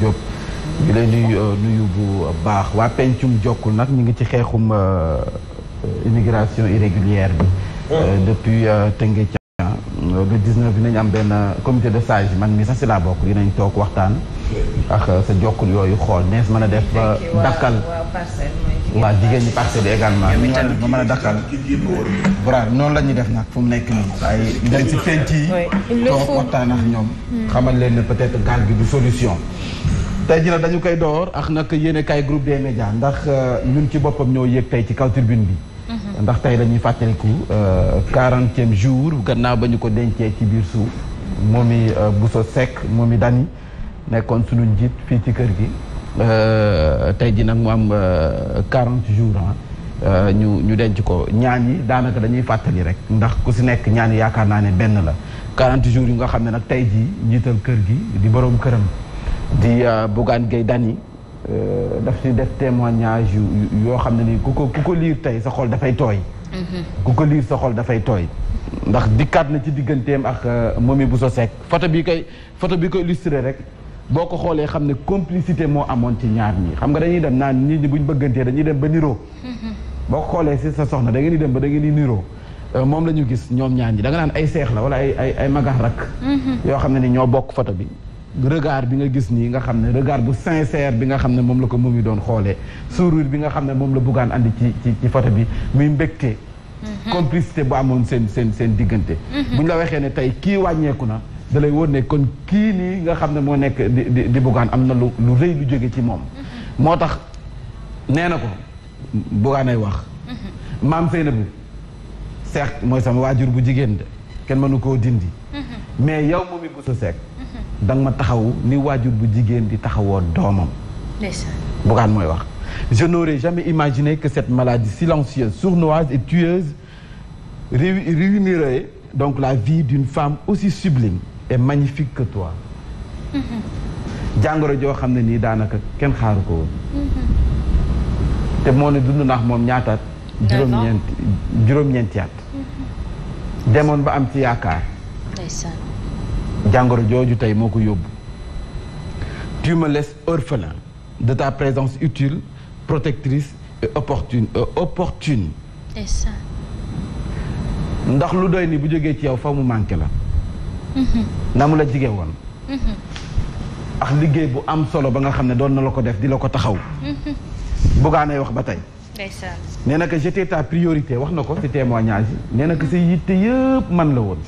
Diop. ñu leen euh, nuyu bu baax waa pencum jokkul nag ñu ngi ci xeexum euh, euh, immigration irrégulière bi. depuis Tëngéej le 19 dinañ am benn commuté de sage man mi sax si laa bokk yi dinañ toog waxtaan. ak sa jokkul yooyu xool nees mën a def ba dakkal. waaw jigéen ñi parcelle également ñu ma mën a dakkal noonu la ñuy def nag fu mu nekk nii ay dem si fent waxtaan ak ñoom hmm. xamal leen ne peut-être gaal gi du solution tey jii nag dañu koy door ak nag yéen kay groupe des médias ndax euh, ñun ci boppam ñoo yëg tey ci kaw tribune bi hmm. ndax tey dañuy fàttaliku euh, quarantième jour gannaaw ba ñu ko dencee ci biir suuf moom i euh, Bousso Seck moom i Dani nekkoon sunu njiit fii ci kër gi Euh, tey ji nag mu am 40 euh, jours ah euh, ñu ñu denc ko ñaan yi daanaka dañuy fàttali rek ndax ku si nekk ñaan yi yaakaar naa ne benn la quarante jours yi nga xam ne nag tey ji njiital kër gi di boroom këram di Bougane Gueye Dany daf si def témoignage yu yoo xam ne ni ku ko ku ko liir tey sa xol dafay tooy mm-hmm. ku ko liir sa xol dafay tooy ndax dikkaat na ci digganteem ak Momy Bousso Seck photo bi koy photo bi koy illustré rek boo ko xoolee xam ne complicité moo amoon ci ñaar ñi xam nga dañuy dem naan nit ñi buñ bëggantee dañuy dem ba niroo boo ko xoolee si sa soxna da ngeen di dem ba da ngeen di niroo euh, moom la ñu gis ñoom ñaar ñi danga naan ay seex la wala ay ay ay rak mm-hmm. yoo xam ne ni ñoo bokk photo bi regard bi nga gis nii nga xam ne regard bu sincère bi nga xam ne moom la ko moom ngi doon xoolee sourire bi nga xam ne moom la buggaan andi ci ci ci photo bi muy mbégte mm-hmm. complicité bu amoon seen seen seen diggante mm-hmm. buñ la waxee ne tey kii wàññeeku na dalay woon wóor ne kon kii nii nga xam ne moo nekk di di di am na lu lu rëy lu jóge ci moom. Mm-hmm. moo tax nee na ko Bougane ay wax. Mm-hmm. maam Seynabou Seck mooy sama waajur bu jigéen de kenn mënu koo dindi. Mm-hmm. mais yow moom it bu sa Seck. da nga ma taxawu ni waajur bu jigéen di taxawoo doomam. Bougane mooy wax. je n'aurais jamais imaginé que cette maladie silencieuse sournoise et tueuse ruinerait donc la vie d'une femme aussi sublime est magnifique que mm-hmm. jàngoro joo xam ne nii daanaka kenn xaaru ko woon. Mm-hmm. te moo ne dund naax moom ñaataat. juróom-ñeenti juróom mm-hmm. demoon ba am ci yaakaar. jàngoro jooju tey moo ko yóbbu. tu me laisses orphelin de ta présence utile protectrice et opportune euh, ndax lu doy nii bu jógee ci yow fa mu manqué la. Mm-hmm. na mu la jige woon mm-hmm. ak liggéey bu am solo ba nga xam ne doon na la ko def di la ko taxaw mm-hmm. bugaanay wax ba tey nee na que j'étais ta priorité wax na ko ci témoignage yi nee na que sa yitte yëpp man la woon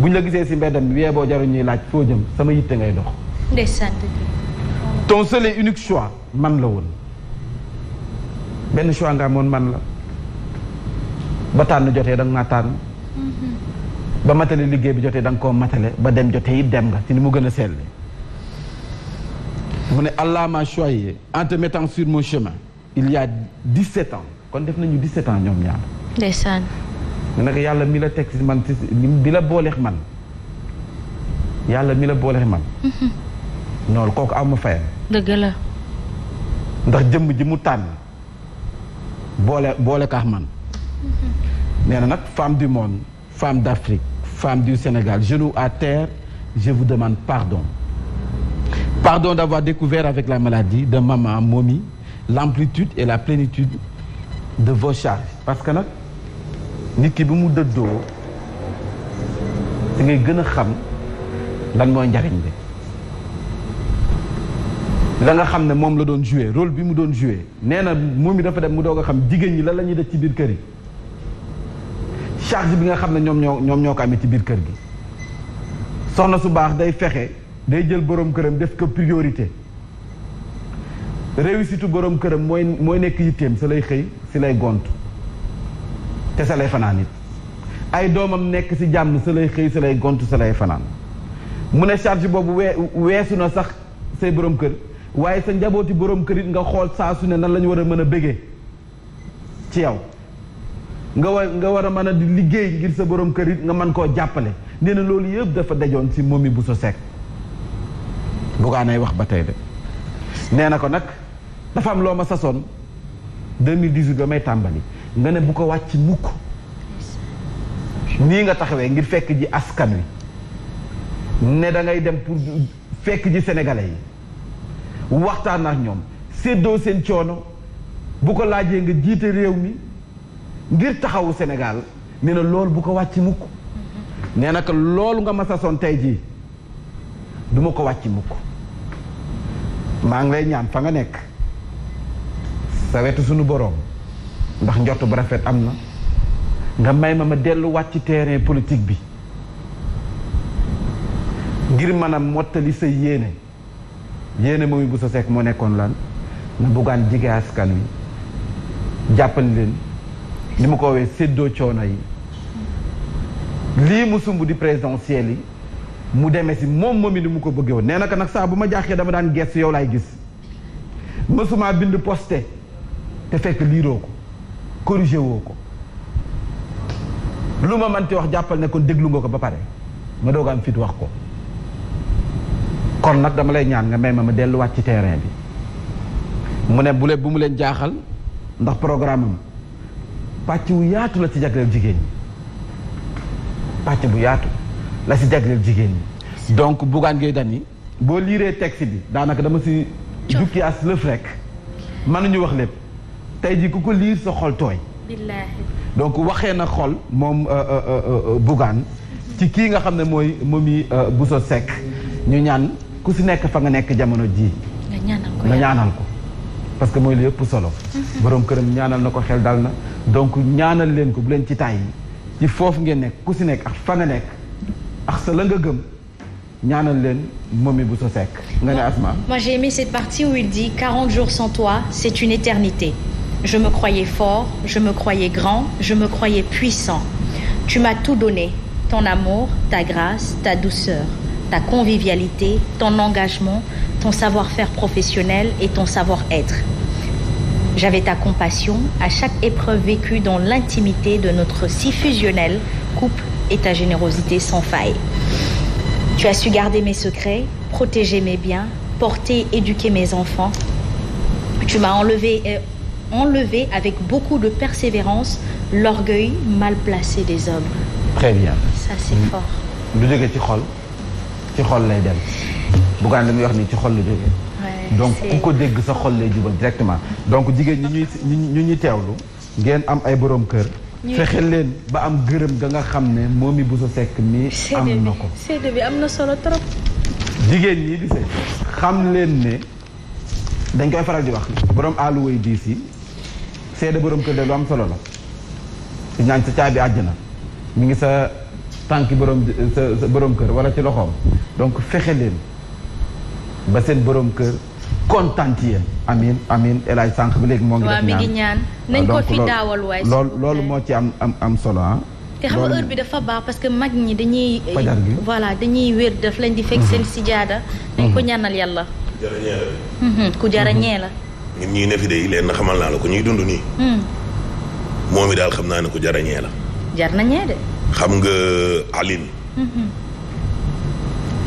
buñ la gisee si mbeddam bi yee boo jaru laaj foo jëm sama yitte ngay dox ndeysaan ton unique choix man la woon benn choix nga amoon man la ba tànn jotee da nga naa tànn ba matale liggéey bi jotee danga koo matale ba dem jotee yi dem nga ci ni mu gën a sell mu ne Allah m'a choisi en te mettant sur mon chemin il y a 17 ans kon def nañu 17 ans ñoom ñaar. ndeysaan. mu yàlla mi la teg si man si la booleex man yàlla mi la booleex man. Mm-hmm. noonu kooku am ma fayam. dëgg ndax jëmm ji mu tànn boole boole man. Mm-hmm. nee na nag femme du monde femme d'Afrique. femmes du Sénégal, genoux à terre, je vous demande pardon. Pardon d'avoir découvert avec la maladie de maman Momi l'amplitude et la plénitude de vos charges. parce que nag nit ki bi mu dëddoo da ngay gën a xam lan mooy njariñ bi la nga xam ne moom la doon joué role bi mu doon joué nee na Momi dafa dem mu doo a xam jigéen ñi lan la ñuy def ci biir kër yi. charge bi nga xam ne ñoom ñoo ñoom ñoo ko amee ci biir kër gi soxna su baax day fexe day jël boroom këram def ko priorité réussite boroom këram mooy mooy nekk yitteem sa lay xëy si lay gont te sa lay fanaan it ay doomam nekk si jàmm sa lay xëy sa lay gont sa lay fanaan mu ne charge boobu wee weesu na sax say borom kër waaye sa njabooti boroom kër it nga xool saa su ne nan lañu war a mën a bégee ci yow nga war nga war a mën a di liggéey ngir sa boroom kër nga mën koo jàppale nee na loolu yëpp dafa dajoon si moom mi bu sa sekk bugaanay wax ba tey de nee na ko nag dafa am loo ma sasoon 2018 ba may tàmbali nga ne bu ko wàcc mukk nii nga taxawee ngir fekk ji askan wi ne da ngay dem pour fekk ji sénégalais yi waxtaan ak ñoom séddoo seen coono bu ko laajee nga jiite réew mi ngir taxawu senegaal nee na loolu bu ko wàcc mukk nee na ko loolu nga ma sasoon tey jii duma ko wàcc mukk maa ngi lay ñaan fa nga nekk sa wetu sunu boroom ndax njort ba rafet am na nga may ma ma delluwaat ci terrain politique bi ngir mën a mottali sa yéene yéene moomu bu sa sekk moo nekkoon lan na buggaan jige askan wi jàppal leen ni ma ko woowee séddoo coono yi lii mu sumb di présidentiel yi mu demee si moom moom moomi ni mu ko bëggee woon nee na nag saa bu ma jaaxee dama daan gestu yow laay gis mësuma bind posté te fekk liiroo ko corrigé woo ko lu ma mënti wax jàppal ne kon déglu nga ko ba pare ma doog am fit wax ko kon nag dama lay ñaan nga may ma ma delluwaat ci terrain bi mu ne bu leen bu mu leen jaaxal ndax programme am pàcc bu yaatu la ci jagleel jigéen ñi pàcc bu yaatu la si jagleel jigéen ñi. donc Bougane Gueye Dany boo liiree texte bi daanaka dama si jukki as lëf rek mënuñu wax lépp tey ji ku ko liir sa xol tooy. donc waxee na xol moom euh, euh, euh, Bougane ci kii nga xam ne mooy moom yi Momy Bousso Seck ñu ñaan ku si nekk fa nga nekk jamono ji nga ñaanal ko parce que mooy li yëpp solo. Mhm. boroom këram ñaanal na ko xel dal na donc ñaanal leen ko bu leen ci tàyyi ci foofu ngeen nekk ku si nekk ak fa nga nekk ak sa la nga gëm ñaanal leen Mamy Bousso Seck nga ne Asma moi j'ai aimé cette partie où il dit jours sans toi c'est une éternité je me croyais fort je me croyais grand je me croyais puissant tu m'as tout donné ton amour ta grâce ta douceur ta convivialité ton engagement ton savoir-faire professionnel et ton savoir-être J'avais ta compassion à chaque épreuve vécue dans l'intimité de notre si fusionnel couple et ta générosité sans faille. Tu as su garder mes secrets, protéger mes biens, porter, éduquer mes enfants. Tu m'as enlevé, euh, avec beaucoup de persévérance l'orgueil mal placé des hommes. Très bien. Ça c'est mm. fort. lu jógee ci xol ci xol lay dem. Bougane li muy wax nii ci xol lu jógee. donc ku ko dégg sa xol lay jubal directement donc jigéen ñi ñuy ñu ñuy teewlu ngeen am ay borom kër fexe leen ba am gërëm ga nga xam ne moom mi bu sekk mi am na ko séede bi am na solo trop jigéen ñi di sëy xam leen ne dañ koy faral di wax boroom àlluway diis yi seede borom kër de lu am solo la si ñaan sa caabi àjjana mi ngi sa tànki borom sa kër wala ci loxoom donc fexe leen ba seen borom kër kontaan ci yéen amin amin El Hadj sànq bi léegi moo ngi def ñaan mi ngi nañ ko fi daawal waay loolu loolu moo ci am am am solo ah te xam nga heure bi parce que mag ñi dañuy voilà dañuy wér daf lañ di fekk mhm. seen sijaada nañ ko mhm. ñaanal yàlla mhm, la ñun ñii ne fi de leen na xamal ko ñuy dund nii moom daal xam naa ne ku jara jar na xam nga alim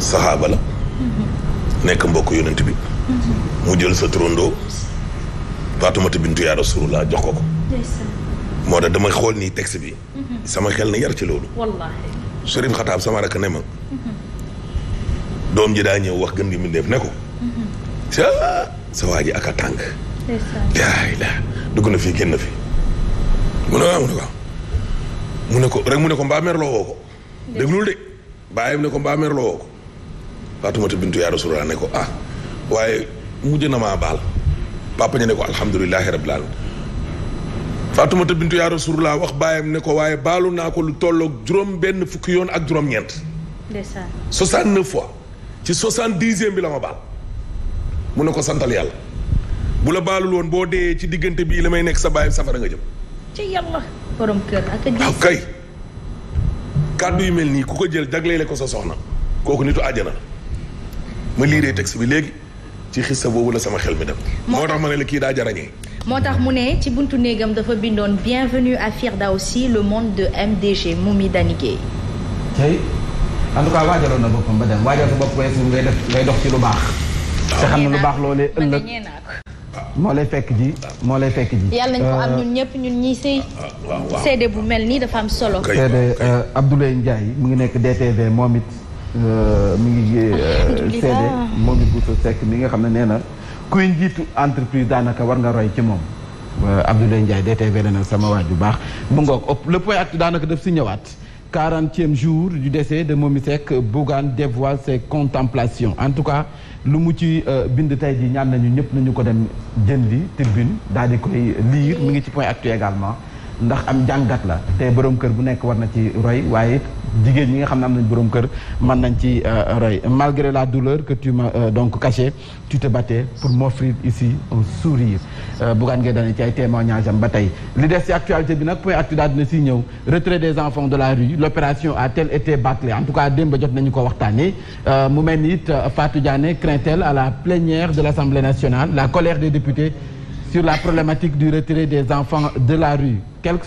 saxaaba la nekk mbokk yonent bi mu jël sa turandoo Faatumata bintu yaa Rasulullah jox ko ko moo tax dama xool nii texte bi mhm. sama xel na yar ci loolu Sërif Xataab sama rakk ne ma mhm. doom ji daa ñëw wax gën gi mbindeef ne ko sa mhm. sa waa ji ak a tànk laay laa dugg na fii génn fi mu ne ko rek mu ne ko mbaa mer woo ko déglul de bàyyam ne ko mbaa mer loo woo ko Faatumata bintu yaa Rasulullah ne ko ah waaye mujj na maa baal papa ñu ne ko alhamdulilahi rabbil alamin Faatumata bintu yaa rasulullah wax baayam ne ko waaye baalu naa ko lu tollook juróom benn fukki yoon ak juróom-ñeent. ndeysaan. 69 fois ci 70e bi la ma mu ne ko santal yàlla bu la baalul boo dee ci diggante bii la may nekk sa baayam safara nga jëm. ci yàlla ah, kay kàddu yu mel nii ku ko jël jagleele ko sa soxna kooku nit àjjana ma liiree texte bi léegi. ci xista boobu la sama xel mi dem. moo tax ma ne moo tax mu ne ci buntu néegam dafa bindoon bienvenue à si le monde de MDG Momy Dany Guèye. tey en tout cas waajaloon na boppam ba dem waajal ko bopp ngay suuf ngay def ngay dox ci lu baax. te xam na lu baax loolee ëllëg moo lay fekk ji moo lay fekk ji. yàlla euh, ñëpp ñun ñii sëy. Ah, ah, seede bu mel nii dafa am solo. seede euh, Abdoulaye Ndiaye mu ngi nekk DTV moom it. Euh, mi ngi euh, seede moom it Bousso Seck mi nga xam ne nee na kuy njiitu entreprise daanaka war nga roy ci moom euh, Abdoulaye Ndiaye DTV na sama waaj bu baax mu ngoog ëpp le point actu daanaka def si ñëwaat quarantième jour du desee de moom Momy Seck Bougane dévoile ses contemplations en tout cas lu mu ci bind tey ji ñaan nañu ñëpp nañu ko dem jën jëndi tribune daal di koy lire mu ngi ci point actu également ndax am jàngat la te borom kër bu nekk war na ci roy waaye jigéen ñi nga xam ne am nañ boroom kër mën nañ ci euh, roy malgré la douleur que tu m'as euh, donc caché tu te battais pour m'offrir ici un sourire euh, Bougane Gueye Dany ci ay témoignage ba tey li des ci actualité bi nag point actu daal dina si ñëw retrait des enfants de la rue l'opération a-t-elle été bâclée en tout cas démb jot nañu ko waxtaanee mu mel ni it Fatou Diané craint à la plénière de l'Assemblée nationale la collège des députés sur la problématique du retrait des enfants de la rue quel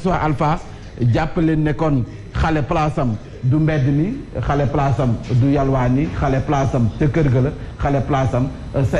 leen ne kon xale palaasam du mbedd mi xale palaasam du yalwaan yi xale palaasam ca kër ga la xale palaasam euh, sa